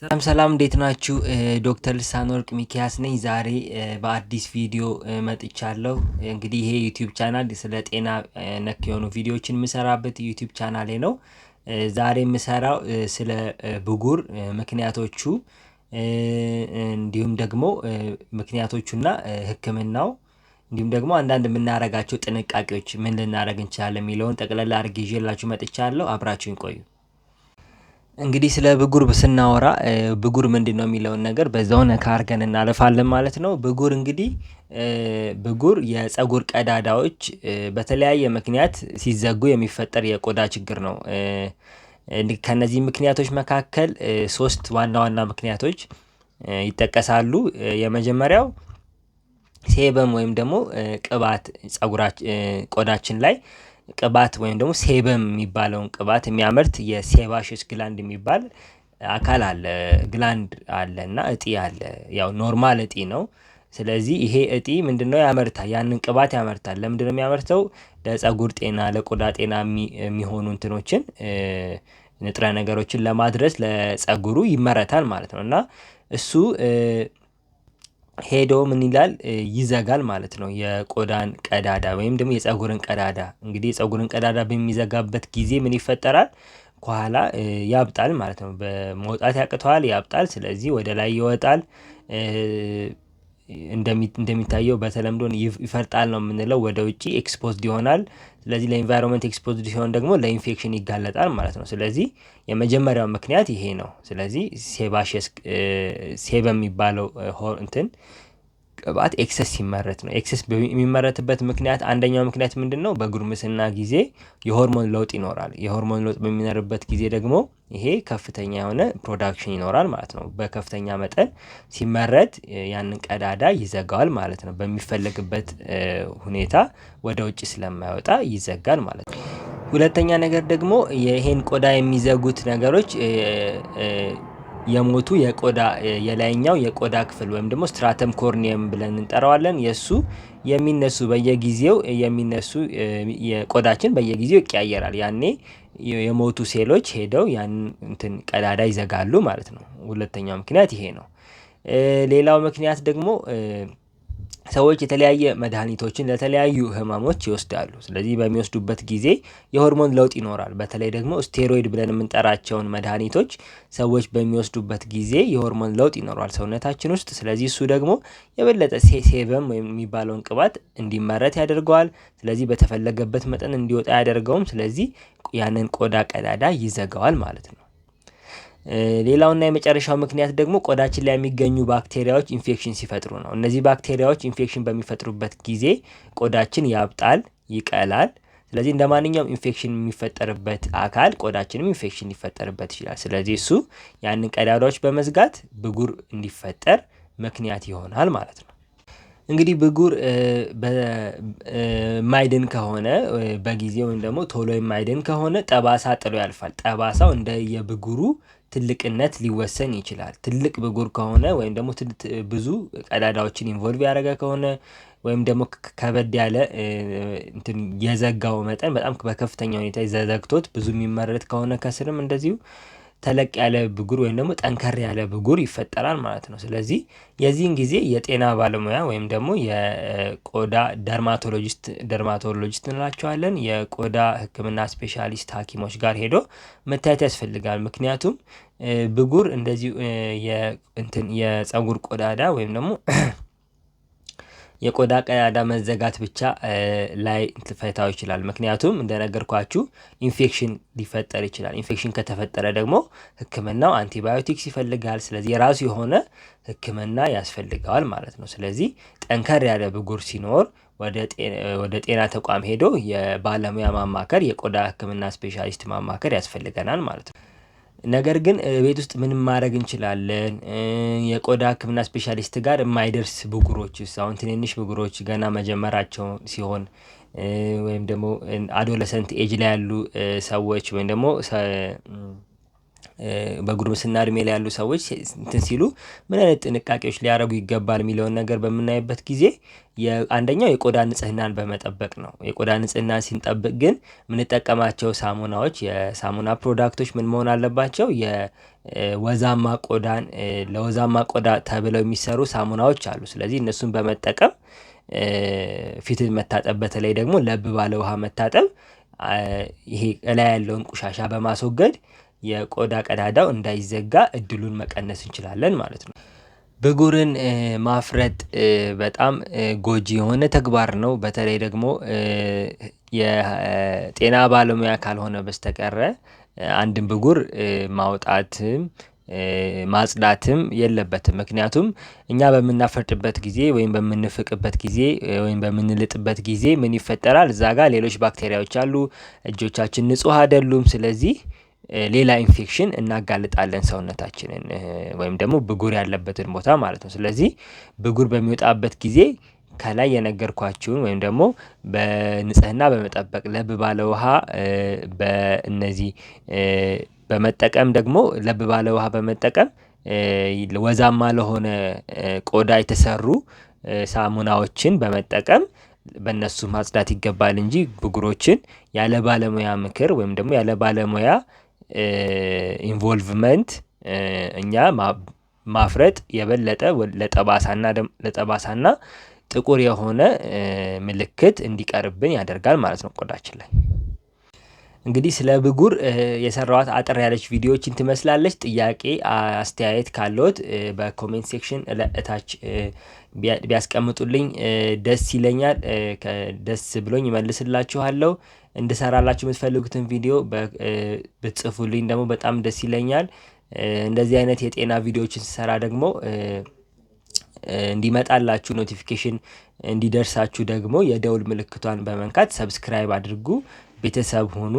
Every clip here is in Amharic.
ሰላም ሰላም እንዴት ናችሁ? ዶክተር ልሳን ወርቅ ሚኪያስ ነኝ። ዛሬ በአዲስ ቪዲዮ መጥቻለሁ። እንግዲህ ይሄ ዩቲዩብ ቻናል ስለ ጤና ነክ የሆኑ ቪዲዮዎችን የምሰራበት ዩቲዩብ ቻናሌ ነው። ዛሬ የምሰራው ስለ ብጉር ምክንያቶቹ እንዲሁም ደግሞ ምክንያቶቹና ሕክምናው እንዲሁም ደግሞ አንዳንድ የምናደርጋቸው ጥንቃቄዎች ምን ልናደርግ እንችላለን የሚለውን ጠቅለላ አድርጌ ይዤላችሁ መጥቻለሁ። አብራችሁን ቆዩ። እንግዲህ ስለ ብጉር ስናወራ ብጉር ምንድነው የሚለውን ነገር በዛው ነካ አድርገን ማለት ነው። ብጉር እንግዲህ ብጉር የፀጉር ቀዳዳዎች በተለያየ ምክንያት ሲዘጉ የሚፈጠር የቆዳ ችግር ነው። ከነዚህ ምክንያቶች መካከል ሶስት ዋና ዋና ምክንያቶች ይጠቀሳሉ። የመጀመሪያው ሴበም ወይም ደግሞ ቅባት ቆዳችን ላይ ቅባት ወይም ደግሞ ሴበም የሚባለውን ቅባት የሚያመርት የሴባሽስ ግላንድ የሚባል አካል አለ ግላንድ አለ እና እጢ አለ ያው ኖርማል እጢ ነው። ስለዚህ ይሄ እጢ ምንድነው ያመርታል ያንን ቅባት ያመርታል ነው የሚያመርተው? ለፀጉር ጤና ለቆዳ ጤና የሚሆኑ እንትኖችን ንጥረ ነገሮችን ለማድረስ ለፀጉሩ ይመረታል ማለት ነው። እና እሱ ሄዶ ምን ይላል ይዘጋል ማለት ነው። የቆዳን ቀዳዳ ወይም ደግሞ የፀጉርን ቀዳዳ እንግዲህ የፀጉርን ቀዳዳ በሚዘጋበት ጊዜ ምን ይፈጠራል? ከኋላ ያብጣል ማለት ነው። በመውጣት ያቅተዋል፣ ያብጣል። ስለዚህ ወደ ላይ ይወጣል። እንደሚታየው በተለምዶ ይፈርጣል ነው የምንለው፣ ወደ ውጭ ኤክስፖዝድ ይሆናል። ስለዚህ ለኢንቫይሮንመንት ኤክስፖዝድ ሲሆን ደግሞ ለኢንፌክሽን ይጋለጣል ማለት ነው። ስለዚህ የመጀመሪያው ምክንያት ይሄ ነው። ስለዚህ ሴባሽስ ሴብ የሚባለው እንትን ቅባት ኤክሰስ ሲመረት ነው። ኤክሰስ የሚመረትበት ምክንያት አንደኛው ምክንያት ምንድን ነው? በጉርምስና ጊዜ የሆርሞን ለውጥ ይኖራል። የሆርሞን ለውጥ በሚኖርበት ጊዜ ደግሞ ይሄ ከፍተኛ የሆነ ፕሮዳክሽን ይኖራል ማለት ነው። በከፍተኛ መጠን ሲመረት ያንን ቀዳዳ ይዘጋዋል ማለት ነው። በሚፈለግበት ሁኔታ ወደ ውጭ ስለማይወጣ ይዘጋል ማለት ነው። ሁለተኛ ነገር ደግሞ ይሄን ቆዳ የሚዘጉት ነገሮች የሞቱ የቆዳ የላይኛው የቆዳ ክፍል ወይም ደግሞ ስትራተም ኮርኒየም ብለን እንጠራዋለን። የእሱ የሚነሱ በየጊዜው የሚነሱ የቆዳችን በየጊዜው ይቀያየራል። ያኔ የሞቱ ሴሎች ሄደው ያን እንትን ቀዳዳ ይዘጋሉ ማለት ነው። ሁለተኛው ምክንያት ይሄ ነው። ሌላው ምክንያት ደግሞ ሰዎች የተለያየ መድኃኒቶችን ለተለያዩ ህመሞች ይወስዳሉ። ስለዚህ በሚወስዱበት ጊዜ የሆርሞን ለውጥ ይኖራል። በተለይ ደግሞ ስቴሮይድ ብለን የምንጠራቸውን መድኃኒቶች ሰዎች በሚወስዱበት ጊዜ የሆርሞን ለውጥ ይኖራል ሰውነታችን ውስጥ። ስለዚህ እሱ ደግሞ የበለጠ ሴበም ወይም የሚባለውን ቅባት እንዲመረት ያደርገዋል። ስለዚህ በተፈለገበት መጠን እንዲወጣ አያደርገውም። ስለዚህ ያንን ቆዳ ቀዳዳ ይዘጋዋል ማለት ነው። ሌላውና የመጨረሻው ምክንያት ደግሞ ቆዳችን ላይ የሚገኙ ባክቴሪያዎች ኢንፌክሽን ሲፈጥሩ ነው። እነዚህ ባክቴሪያዎች ኢንፌክሽን በሚፈጥሩበት ጊዜ ቆዳችን ያብጣል፣ ይቀላል። ስለዚህ እንደ ማንኛውም ኢንፌክሽን የሚፈጠርበት አካል ቆዳችንም ኢንፌክሽን ሊፈጠርበት ይችላል። ስለዚህ እሱ ያንን ቀዳዳዎች በመዝጋት ብጉር እንዲፈጠር ምክንያት ይሆናል ማለት ነው። እንግዲህ ብጉር የማይድን ከሆነ በጊዜ ወይም ደግሞ ቶሎ የማይድን ከሆነ ጠባሳ ጥሎ ያልፋል። ጠባሳው እንደ የብጉሩ ትልቅነት ሊወሰን ይችላል። ትልቅ ብጉር ከሆነ ወይም ደግሞ ብዙ ቀዳዳዎችን ኢንቮልቭ ያደረገ ከሆነ ወይም ደግሞ ከበድ ያለ የዘጋው መጠን በጣም በከፍተኛ ሁኔታ ዘዘግቶት ብዙ የሚመረት ከሆነ ከስርም እንደዚሁ ተለቅ ያለ ብጉር ወይም ደግሞ ጠንከር ያለ ብጉር ይፈጠራል ማለት ነው። ስለዚህ የዚህን ጊዜ የጤና ባለሙያ ወይም ደግሞ የቆዳ ደርማቶሎጂስት ደርማቶሎጂስት እንላቸዋለን የቆዳ ሕክምና ስፔሻሊስት ሐኪሞች ጋር ሄዶ መታየት ያስፈልጋል። ምክንያቱም ብጉር እንደዚሁ የፀጉር ቆዳዳ ወይም ደግሞ የቆዳ ቀዳዳ መዘጋት ብቻ ላይ ፈታው ይችላል። ምክንያቱም እንደነገርኳችሁ ኢንፌክሽን ሊፈጠር ይችላል። ኢንፌክሽን ከተፈጠረ ደግሞ ሕክምናው አንቲባዮቲክስ ይፈልጋል። ስለዚህ የራሱ የሆነ ሕክምና ያስፈልገዋል ማለት ነው። ስለዚህ ጠንከር ያለ ብጉር ሲኖር ወደ ጤና ተቋም ሄዶ የባለሙያ ማማከር፣ የቆዳ ሕክምና ስፔሻሊስት ማማከር ያስፈልገናል ማለት ነው። ነገር ግን ቤት ውስጥ ምንም ማድረግ እንችላለን። የቆዳ ህክምና ስፔሻሊስት ጋር የማይደርስ ብጉሮች አሁን ትንንሽ ብጉሮች ገና መጀመራቸው ሲሆን ወይም ደግሞ አዶለሰንት ኤጅ ላይ ያሉ ሰዎች ወይም ደግሞ በጉርብስና እድሜ ላይ ያሉ ሰዎች እንትን ሲሉ ምን አይነት ጥንቃቄዎች ሊያደርጉ ይገባል የሚለውን ነገር በምናይበት ጊዜ አንደኛው የቆዳ ንጽህናን በመጠበቅ ነው። የቆዳ ንጽህና ሲንጠብቅ ግን የምንጠቀማቸው ሳሙናዎች፣ የሳሙና ፕሮዳክቶች ምን መሆን አለባቸው? የወዛማ ቆዳን ለወዛማ ቆዳ ተብለው የሚሰሩ ሳሙናዎች አሉ። ስለዚህ እነሱን በመጠቀም ፊትን መታጠብ በተለይ ደግሞ ለብ ባለ ውሃ መታጠብ ይሄ እላይ ያለውን ቆሻሻ በማስወገድ የቆዳ ቀዳዳው እንዳይዘጋ እድሉን መቀነስ እንችላለን ማለት ነው። ብጉርን ማፍረጥ በጣም ጎጂ የሆነ ተግባር ነው። በተለይ ደግሞ የጤና ባለሙያ ካልሆነ በስተቀረ አንድን ብጉር ማውጣትም ማጽዳትም የለበትም። ምክንያቱም እኛ በምናፈርጥበት ጊዜ ወይም በምንፍቅበት ጊዜ ወይም በምንልጥበት ጊዜ ምን ይፈጠራል? እዛ ጋር ሌሎች ባክቴሪያዎች አሉ። እጆቻችን ንጹህ አይደሉም። ስለዚህ ሌላ ኢንፌክሽን እናጋልጣለን ሰውነታችንን ወይም ደግሞ ብጉር ያለበትን ቦታ ማለት ነው። ስለዚህ ብጉር በሚወጣበት ጊዜ ከላይ የነገርኳችሁን ወይም ደግሞ በንጽህና በመጠበቅ ለብ ባለ ውሃ በእነዚህ በመጠቀም ደግሞ ለብ ባለ ውሃ በመጠቀም ወዛማ ለሆነ ቆዳ የተሰሩ ሳሙናዎችን በመጠቀም በእነሱ ማጽዳት ይገባል እንጂ ብጉሮችን ያለ ባለሙያ ምክር ወይም ደግሞ ያለ ባለሙያ ኢንቮልቭመንት እኛ ማፍረጥ የበለጠ ለጠባሳና ለጠባሳና ጥቁር የሆነ ምልክት እንዲቀርብን ያደርጋል ማለት ነው ቆዳችን ላይ እንግዲህ ስለ ብጉር የሰራዋት አጠር ያለች ቪዲዮዎችን ትመስላለች። ጥያቄ አስተያየት ካለዎት በኮሜንት ሴክሽን እታች ቢያስቀምጡልኝ ደስ ይለኛል። ደስ ብሎኝ ይመልስላችኋለሁ። እንድሰራላችሁ የምትፈልጉትን ቪዲዮ ብትጽፉልኝ ደግሞ በጣም ደስ ይለኛል። እንደዚህ አይነት የጤና ቪዲዮዎችን ስሰራ ደግሞ እንዲመጣላችሁ ኖቲፊኬሽን እንዲደርሳችሁ ደግሞ የደውል ምልክቷን በመንካት ሰብስክራይብ አድርጉ። ቤተሰብ ሆኑ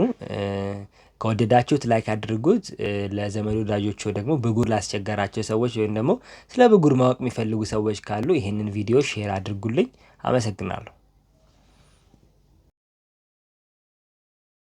ከወደዳችሁት ላይክ አድርጉት። ለዘመድ ወዳጆች ደግሞ ብጉር ላስቸገራቸው ሰዎች ወይም ደግሞ ስለ ብጉር ማወቅ የሚፈልጉ ሰዎች ካሉ ይህንን ቪዲዮ ሼር አድርጉልኝ። አመሰግናለሁ።